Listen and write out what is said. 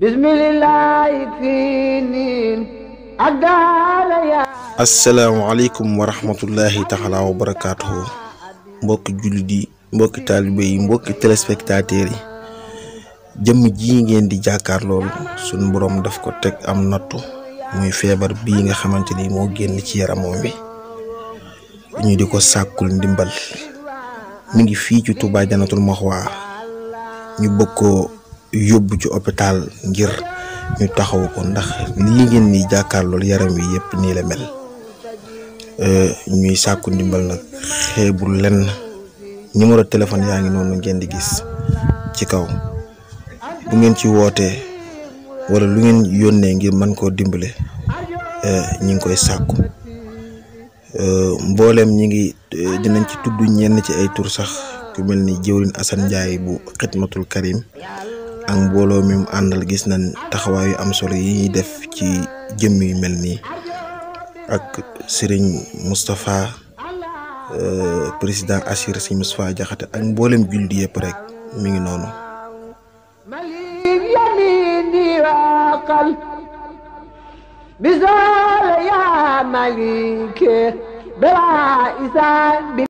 بسم الله wa rahmatullahi taala wa barakaatuhu mbokki jullit yi yi mbok téléspectateur yi jëm ji ngeen di jakar loolu sun borom daf ko tek am natou muy febar bi nga xamanteni mo genn génn ci yaramoom bi ñu diko sakul ndimbal mi ngi fi ci Touba Janatul Mahwa ñu bëgg yobbu ci hôpital ngir ñu taxaw ko ndax li ngeen ni jàkkaar loolu yaram wi yépp ni la mel euh, ñuy sakku ndimbal nak xébu lenn numéro téléphone yaangi nonu ngeen di gis ci kaw bu ngeen ci woté wala lu ngeen yónnee ngir man dimbalé euh, euh ñi ngi koy euh mboolem ñi ngi dinañ ci tuddu ñenn ci ay tour sax ku melni ni assane asan bu khidmatul karim ak mbooloo mi àndal gis nañ taxawaayu am solo yi ñuy def ci jëmm yu mel nii ak sëriñ Moustapha euh, président Assir sëriñ Moustapha Jaxate ak mboolem jullit yëpp rek mi ngi noonu. بزال يا مليك بلا